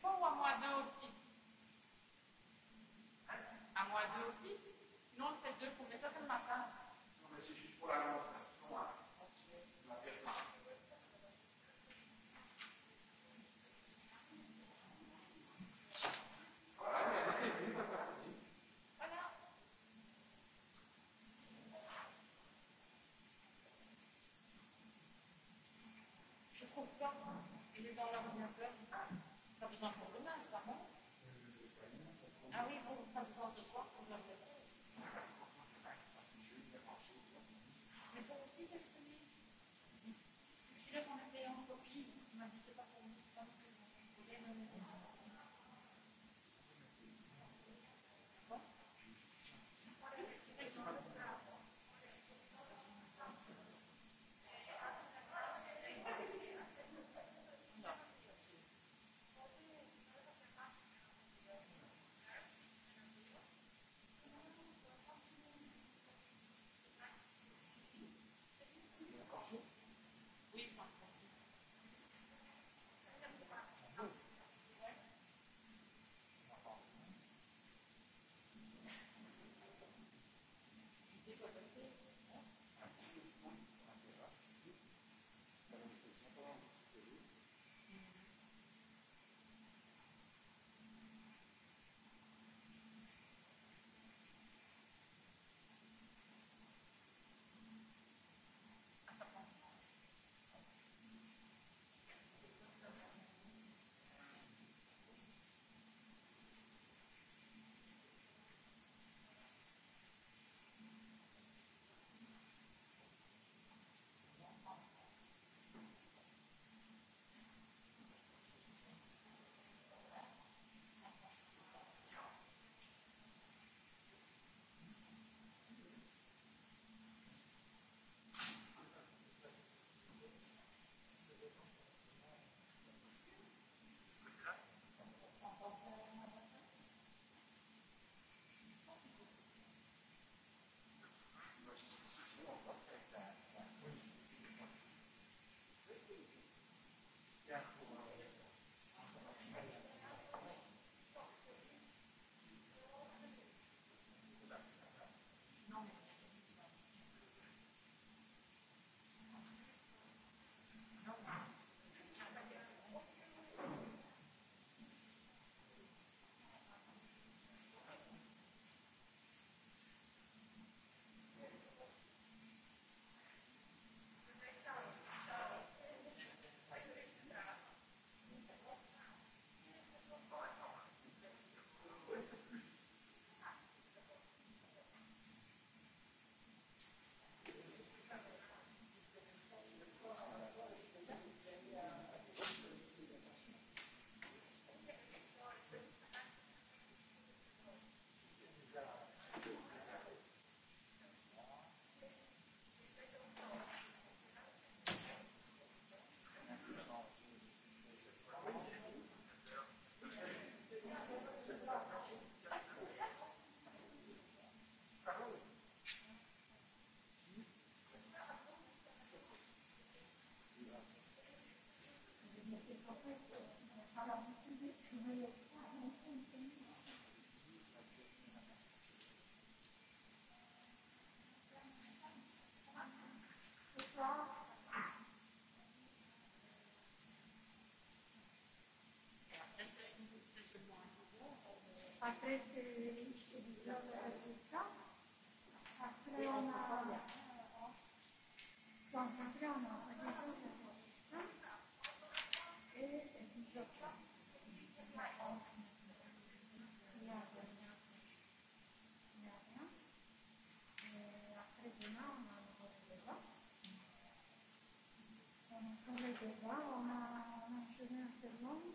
Pauvre Amoada aussi. Amoada aussi Non, c'est deux pour mais ça c'est le matin. Non, mais c'est juste pour la démonstration. Hein. La permanence. Je trouve ça besoin pour demain, clairement. Ah oui, vous, pas besoin ce soir, vous l'avez. Mais pour aussi des cerises. Celui-là qu'on avait en copie, il m'a dit c'est pas pour nous, c'est pas pour nous. après je te disais le résultat. Après on a donc après on a regardé le résultat et je pense qu'il y a rien. Il n'y a rien. Et après demain on a un nouveau débat. On a fait le débat, on a, on a enchaîné un peu le monde.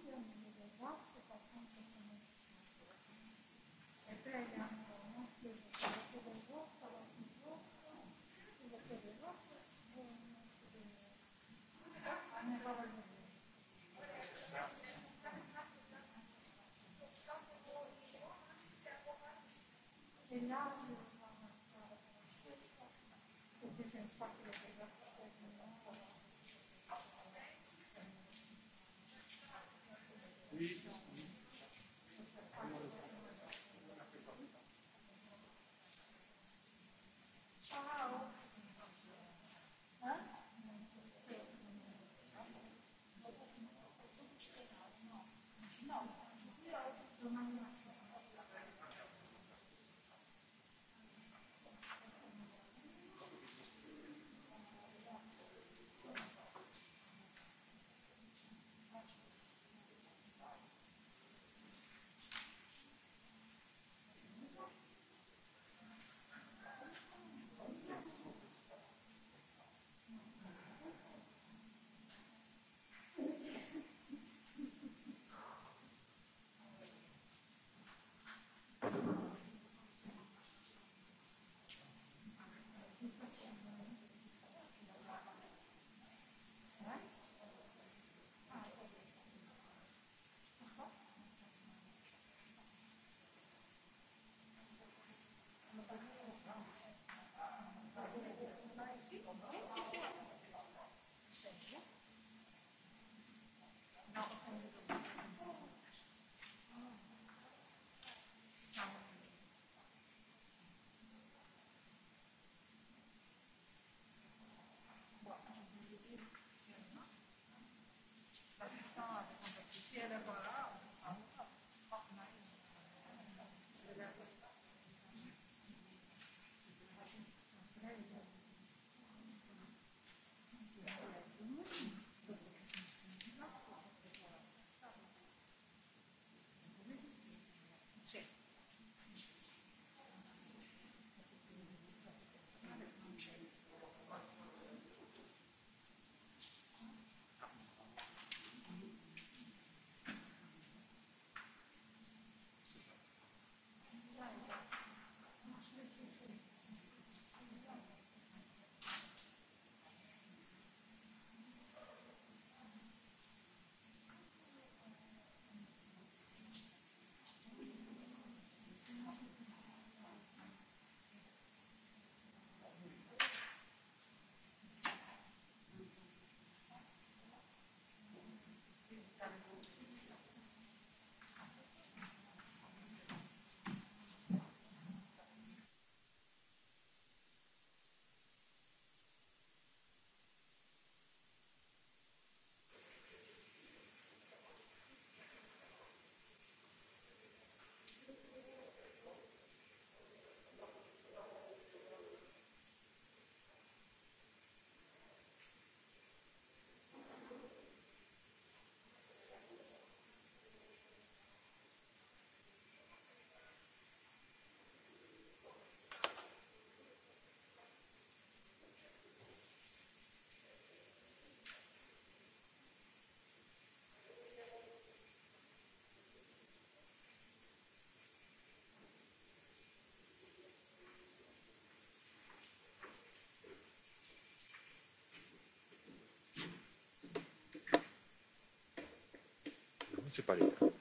municipalidad.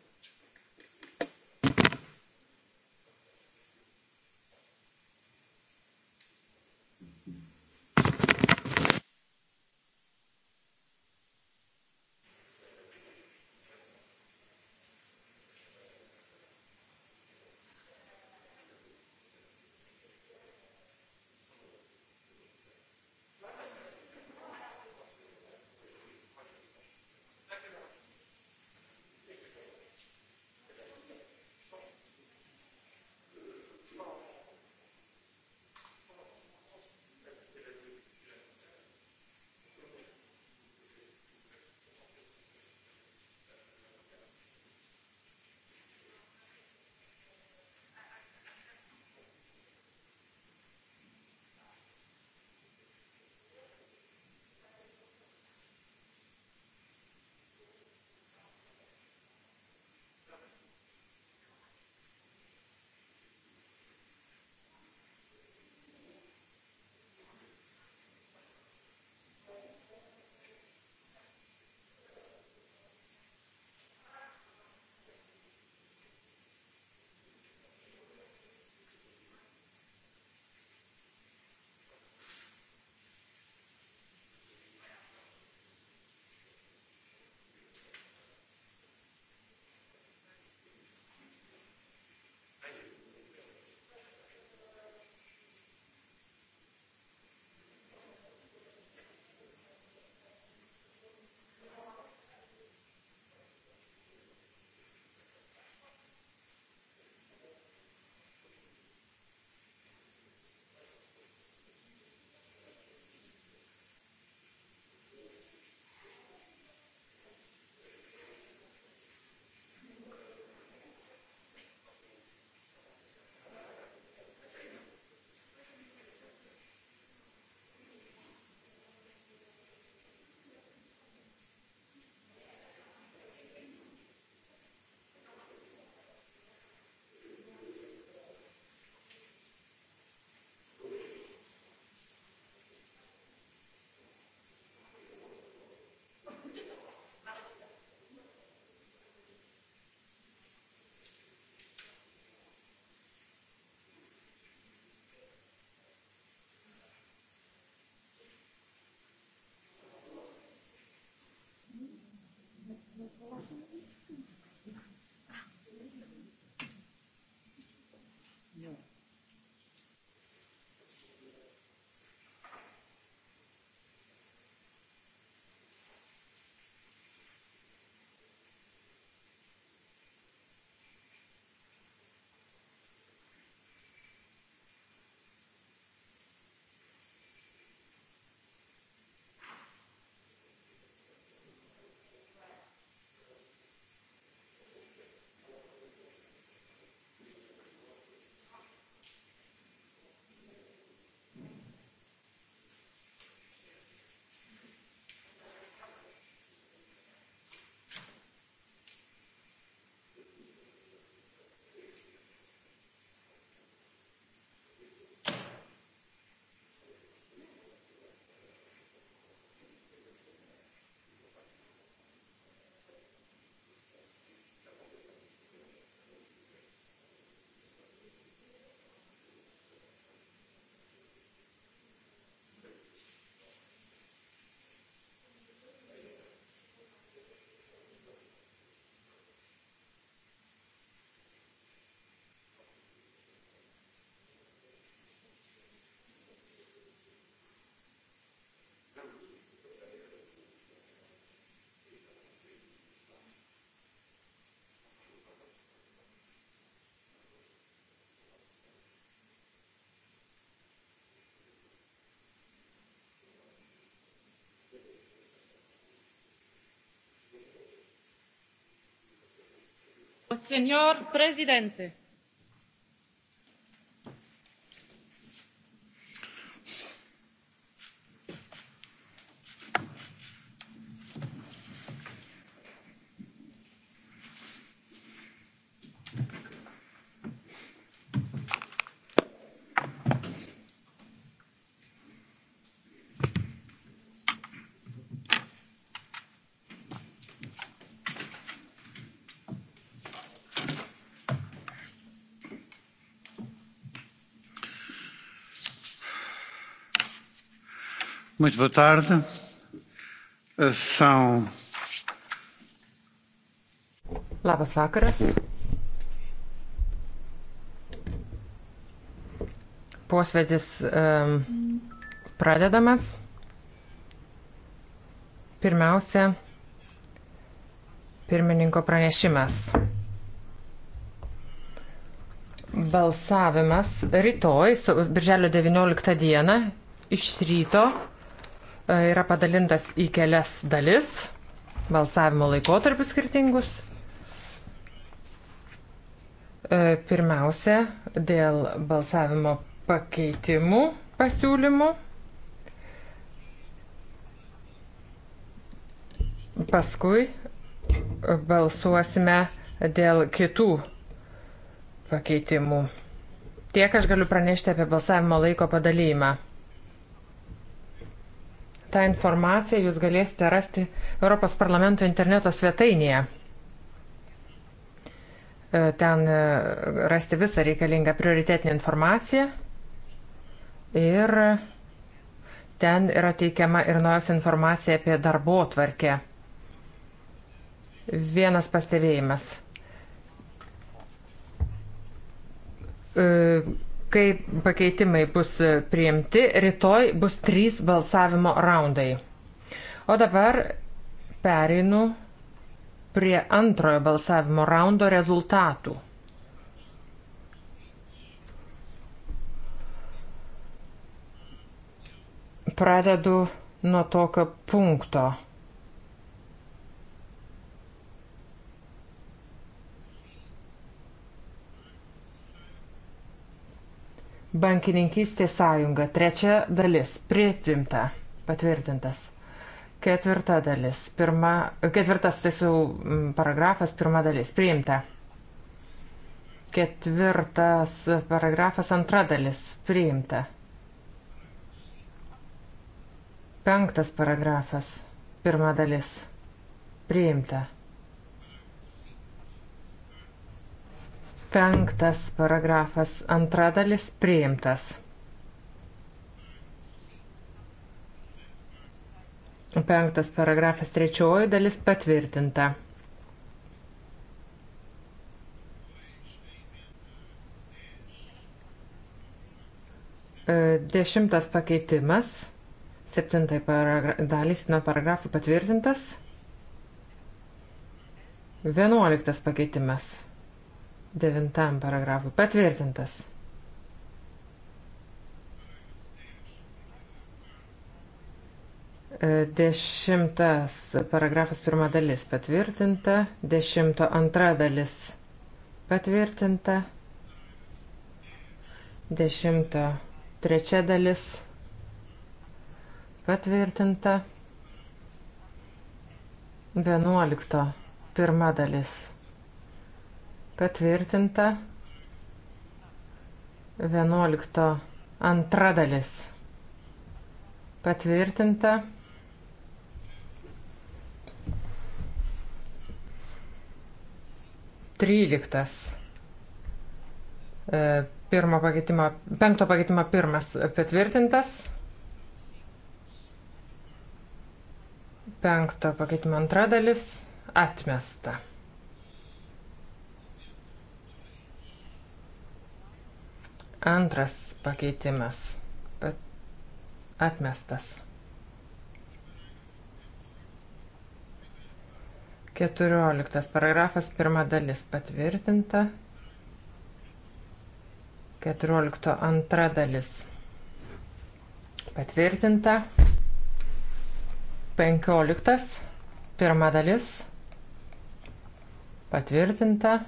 señor presidente Muito boa tarde. São. Labas vakaras. Posvedis um, pradedamas. Pirmiausia, pirmininko pranešimas. Balsavimas rytoj, birželio 19 dieną, iš ryto E, yra padalintas į kelias dalis, balsavimo laikotarpius skirtingus. E, pirmiausia, dėl balsavimo pakeitimų pasiūlymų. Paskui balsuosime dėl kitų pakeitimų. Tiek aš galiu pranešti apie balsavimo laiko padalymą tą informaciją jūs galėsite rasti Europos parlamento interneto svetainėje. E, ten e, rasti visą reikalingą prioritetinę informaciją ir ten yra teikiama ir naujos informacija apie darbo tvarkę. Vienas pastebėjimas. E, Kai pakeitimai bus priimti, rytoj bus trys balsavimo raundai. O dabar pereinu prie antrojo balsavimo raundo rezultatų. Pradedu nuo tokio punkto. Bankininkystė sąjunga. Trečia dalis. Pritimta. Patvirtintas. Ketvirta dalis. Pirma, ketvirtas tiesiog paragrafas. Pirma dalis. Priimta. Ketvirtas paragrafas. Antra dalis. Priimta. Penktas paragrafas. Pirma dalis. Priimta. Penktas paragrafas, antra dalis priimtas. Penktas paragrafas, trečioji dalis patvirtinta. E, dešimtas pakeitimas, septintai paragra dalys nuo paragrafų patvirtintas. Vienuoliktas pakeitimas devintam paragrafui. Patvirtintas. E, dešimtas paragrafas pirma dalis patvirtinta. Dešimto antra dalis patvirtinta. Dešimto trečia dalis patvirtinta. Vienuolikto pirma dalis Patvirtinta. 11 antra dalis. Patvirtinta. Tryliktas. E, pirmo pakeitimo, penkto pakeitimo pirmas patvirtintas. Penkto pakeitimo antra dalis atmesta. Antras pakeitimas. Atmestas. 14. Paragrafas pirma dalis patvirtinta. 14. Antra dalis patvirtinta. 15. Pirma dalis patvirtinta.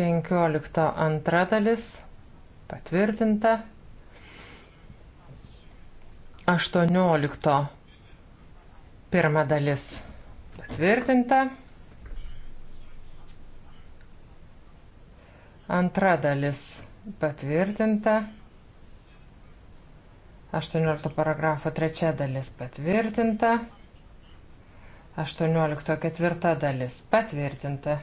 15 antra dalis patvirtinta. 18 pirma dalis patvirtinta. Antra dalis patvirtinta. 18 paragrafo trečia dalis patvirtinta. 18 ketvirta dalis patvirtinta.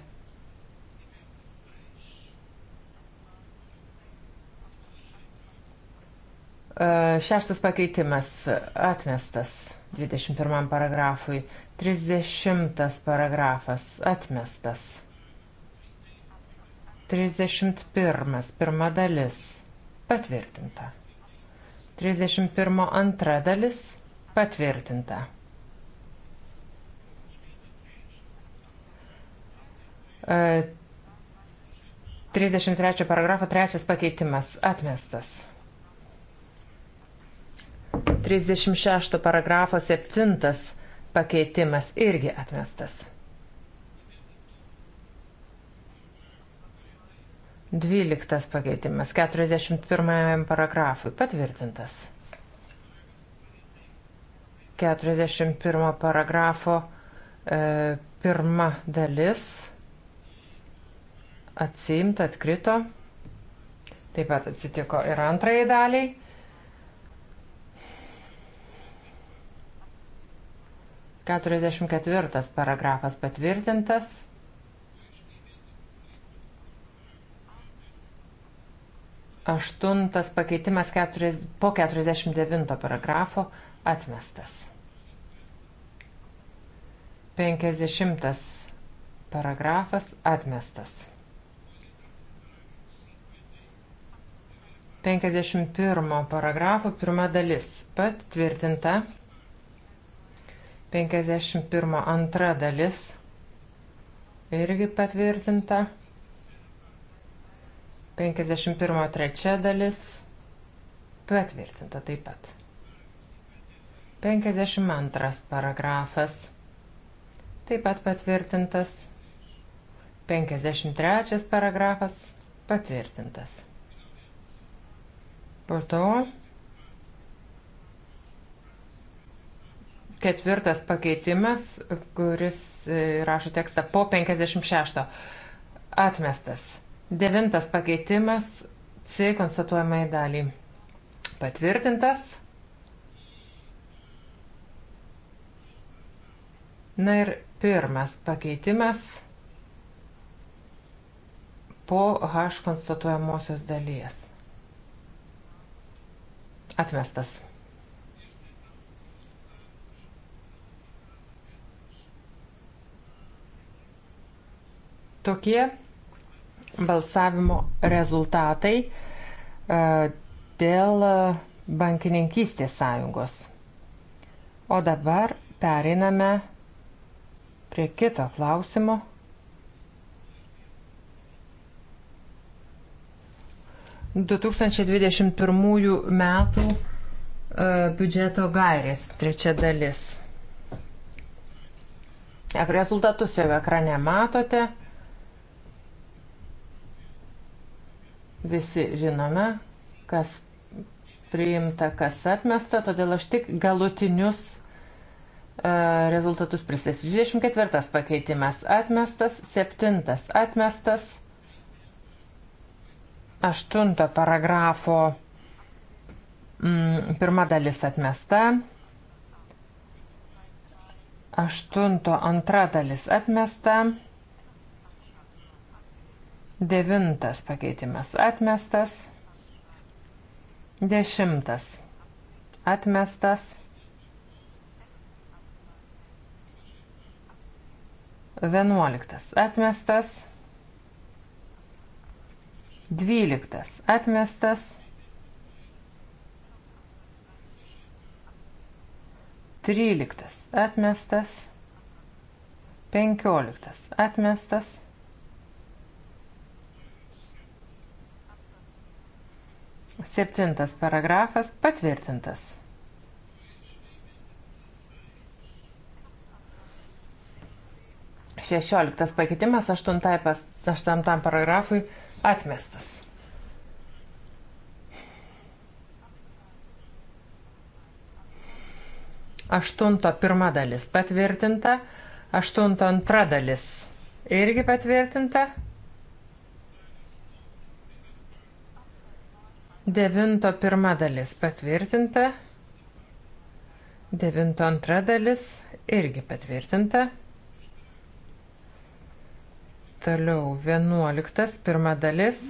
E, šeštas pakeitimas atmestas 21 paragrafui. 30 paragrafas atmestas. 31 pirma dalis patvirtinta. 31 antra dalis patvirtinta. E, 33 paragrafo trečias pakeitimas atmestas. 36 paragrafo 7 pakeitimas irgi atmestas. 12 pakeitimas 41 paragrafui patvirtintas. 41 paragrafo e, pirma dalis atsiimta, atkrito. Taip pat atsitiko ir antrajai daliai. 44 paragrafas patvirtintas. Aštuntas pakeitimas keturis, po 49 paragrafo atmestas. 50 paragrafas atmestas. 51 paragrafo pirma dalis patvirtinta. 51 antra dalis irgi patvirtinta. 51 trečia dalis patvirtinta taip pat. 52 paragrafas taip pat patvirtintas. 53 paragrafas patvirtintas. Po to Ketvirtas pakeitimas, kuris e, rašo tekstą po 56. Atmestas. Devintas pakeitimas C konstatuojamai daliai. Patvirtintas. Na ir pirmas pakeitimas po H konstatuojamosios dalies. Atmestas. Tokie balsavimo rezultatai e, dėl e, bankininkystės sąjungos. O dabar periname prie kito klausimo. Du 2021 metų e, biudžeto gairės, trečia dalis. Rezultatus jau ekrane matote. Visi žinome, kas priimta, kas atmesta, todėl aš tik galutinius e, rezultatus pristatysiu. 24 pakeitimas atmestas, 7 atmestas, 8 paragrafo mm, pirma dalis atmesta, 8 antra dalis atmesta. Devintas pakeitimas atmestas. Dešimtas atmestas. Vienuoliktas atmestas. Dvyliktas atmestas. 13 atmestas, 15 atmestas, Septintas paragrafas patvirtintas. Šešioliktas pakeitimas aštuntai pas, aštuntam paragrafui atmestas. Aštunto pirma dalis patvirtinta, aštunto antra dalis irgi patvirtinta, Devinto pirma dalis patvirtinta. Devinto antra dalis irgi patvirtinta. Toliau vienuoliktas pirma dalis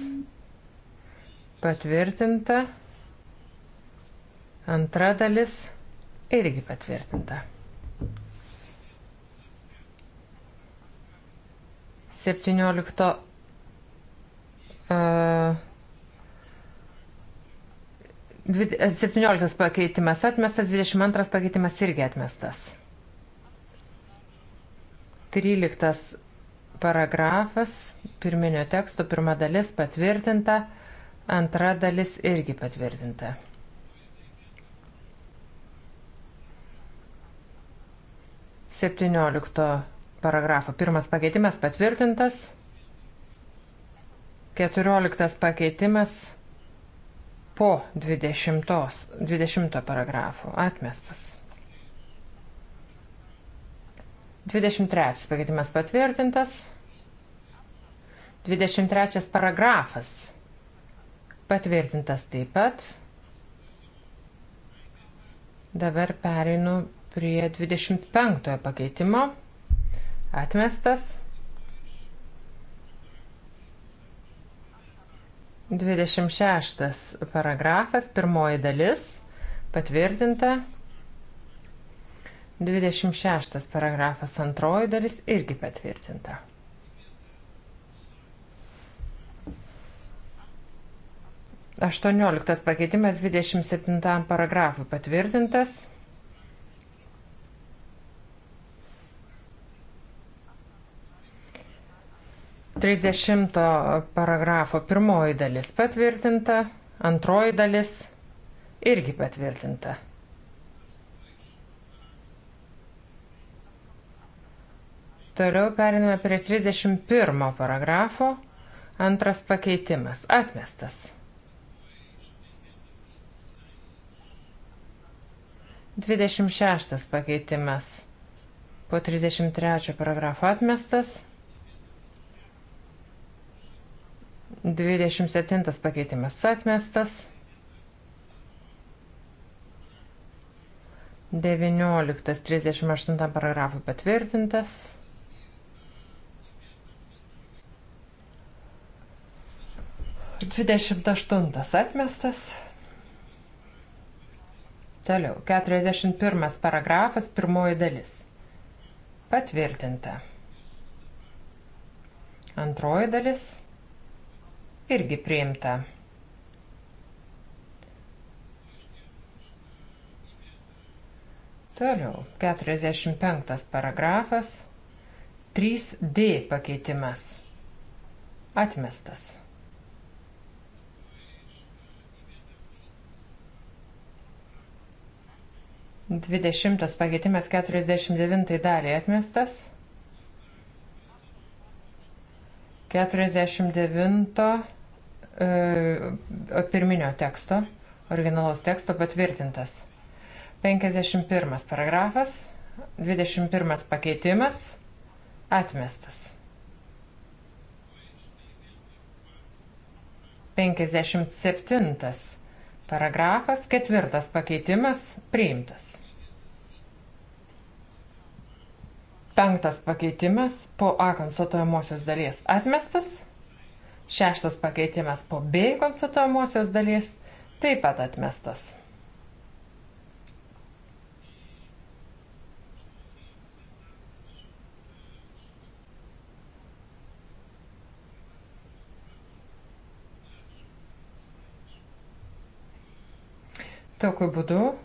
patvirtinta. Antra dalis irgi patvirtinta. 17 uh, e, 17 e, pakeitimas atmestas, 22 pakeitimas irgi atmestas. 13 paragrafas, pirminio teksto, pirma dalis patvirtinta, antra dalis irgi patvirtinta. Septyniolikto paragrafo pirmas pakeitimas patvirtintas, keturioliktas pakeitimas po 20, 20 paragrafų. Atmestas. 23 pakeitimas patvirtintas. 23 paragrafas patvirtintas taip pat. Dabar pereinu prie 25 pakeitimo. Atmestas. 26 paragrafas, pirmoji dalis, patvirtinta. 26 paragrafas, antroji dalis, irgi patvirtinta. Aštuonioliktas pakeitimas 27 paragrafui patvirtintas. 30 paragrafo pirmoji dalis patvirtinta, antroji dalis irgi patvirtinta. Toliau periname prie 31 paragrafo, antras pakeitimas atmestas. 26 pakeitimas po 33 paragrafo atmestas. 27 pakeitimas atmestas. 19.38 paragrafų patvirtintas. Dvidešimt aštuntas atmestas. Toliau. Keturiasdešimt pirmas paragrafas, pirmoji dalis. Patvirtinta. Antroji dalis irgi priimta. Toliau, 45 paragrafas, 3D pakeitimas, atmestas. Dvidešimtas pakeitimas 49 daliai atmestas. 49 E, pirminio teksto, originalaus teksto patvirtintas. 51 paragrafas, 21 pakeitimas, atmestas. 57 paragrafas, ketvirtas pakeitimas, priimtas. Penktas pakeitimas po A konstatuojamosios dalies atmestas. Šeštas pakeitimas po B konstatuojamosios dalies taip pat atmestas. Tokiu būdu uh,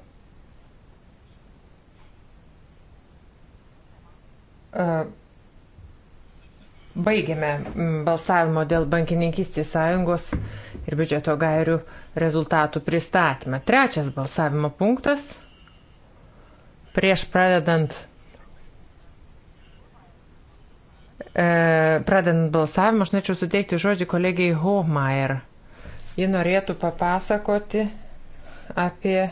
Baigėme mm, balsavimo dėl bankininkystės sąjungos ir biudžeto gairių rezultatų pristatymą. Trečias balsavimo punktas. Prieš pradedant, e, pradedant balsavimą, aš norėčiau suteikti žodį kolegijai Hohmeier. Ji norėtų papasakoti apie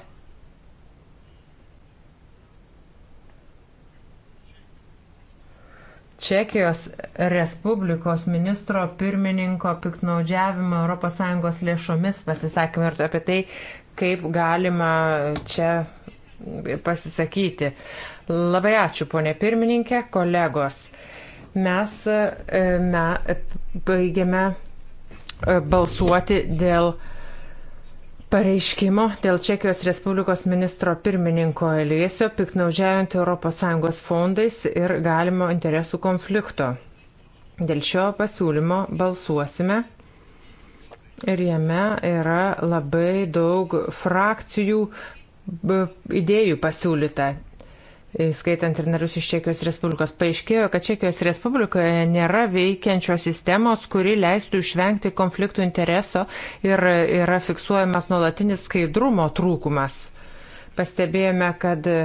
Čekijos Respublikos ministro pirmininko piknaudžiavimo ES lėšomis pasisakymą ir apie tai, kaip galima čia pasisakyti. Labai ačiū, ponė pirmininkė, kolegos. Mes e, me, baigiame e, balsuoti dėl pareiškimo dėl Čekijos Respublikos ministro pirmininko elgesio piknaudžiaujant ES fondais ir galimo interesų konflikto. Dėl šio pasiūlymo balsuosime ir jame yra labai daug frakcijų idėjų pasiūlyta įskaitant ir narius iš Čekijos Respublikos, paaiškėjo, kad Čekijos Respublikoje nėra veikiančios sistemos, kuri leistų išvengti konfliktų intereso ir yra fiksuojamas nuolatinis skaidrumo trūkumas. Pastebėjome, kad e,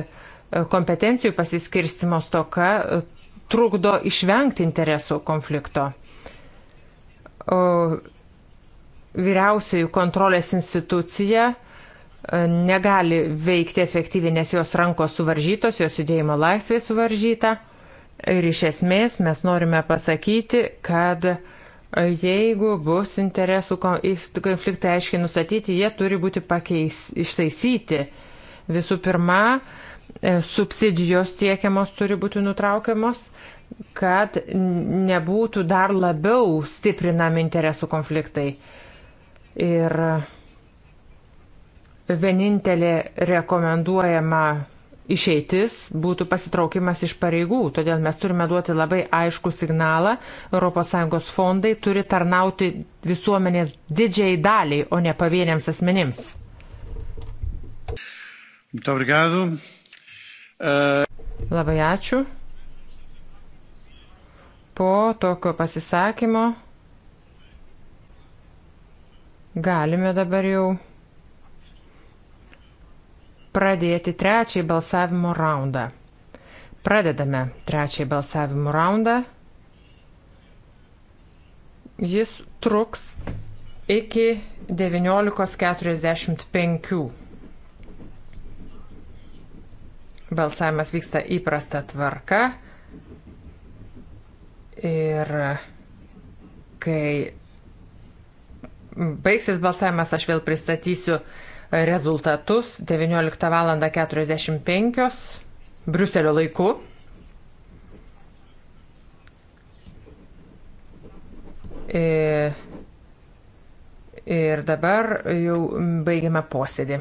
kompetencijų pasiskirstimo stoka e, trukdo išvengti interesų konflikto. O vyriausiųjų kontrolės institucija negali veikti efektyviai, nes jos rankos suvaržytos, jos judėjimo laisvė suvaržyta. Ir iš esmės mes norime pasakyti, kad jeigu bus interesų konfliktai aiškiai nustatyti, jie turi būti pakeis, ištaisyti. Visų pirma, e, subsidijos tiekiamos turi būti nutraukiamos, kad nebūtų dar labiau stiprinami interesų konfliktai. Ir vienintelė rekomenduojama išeitis būtų pasitraukimas iš pareigų. Todėl mes turime duoti labai aišku signalą. ES fondai turi tarnauti visuomenės didžiai daliai, o ne pavieniams asmenims. Uh, labai ačiū. Po tokio pasisakymo galime dabar jau pradėti trečiąjį balsavimo raundą. Pradedame trečiąjį balsavimo raundą. Jis truks iki 19.45. Balsavimas vyksta įprasta tvarka. Ir kai baigsis balsavimas, aš vėl pristatysiu uh, rezultatus 19 val. 45 Briuselio laiku. E, ir dabar jau baigiame posėdį.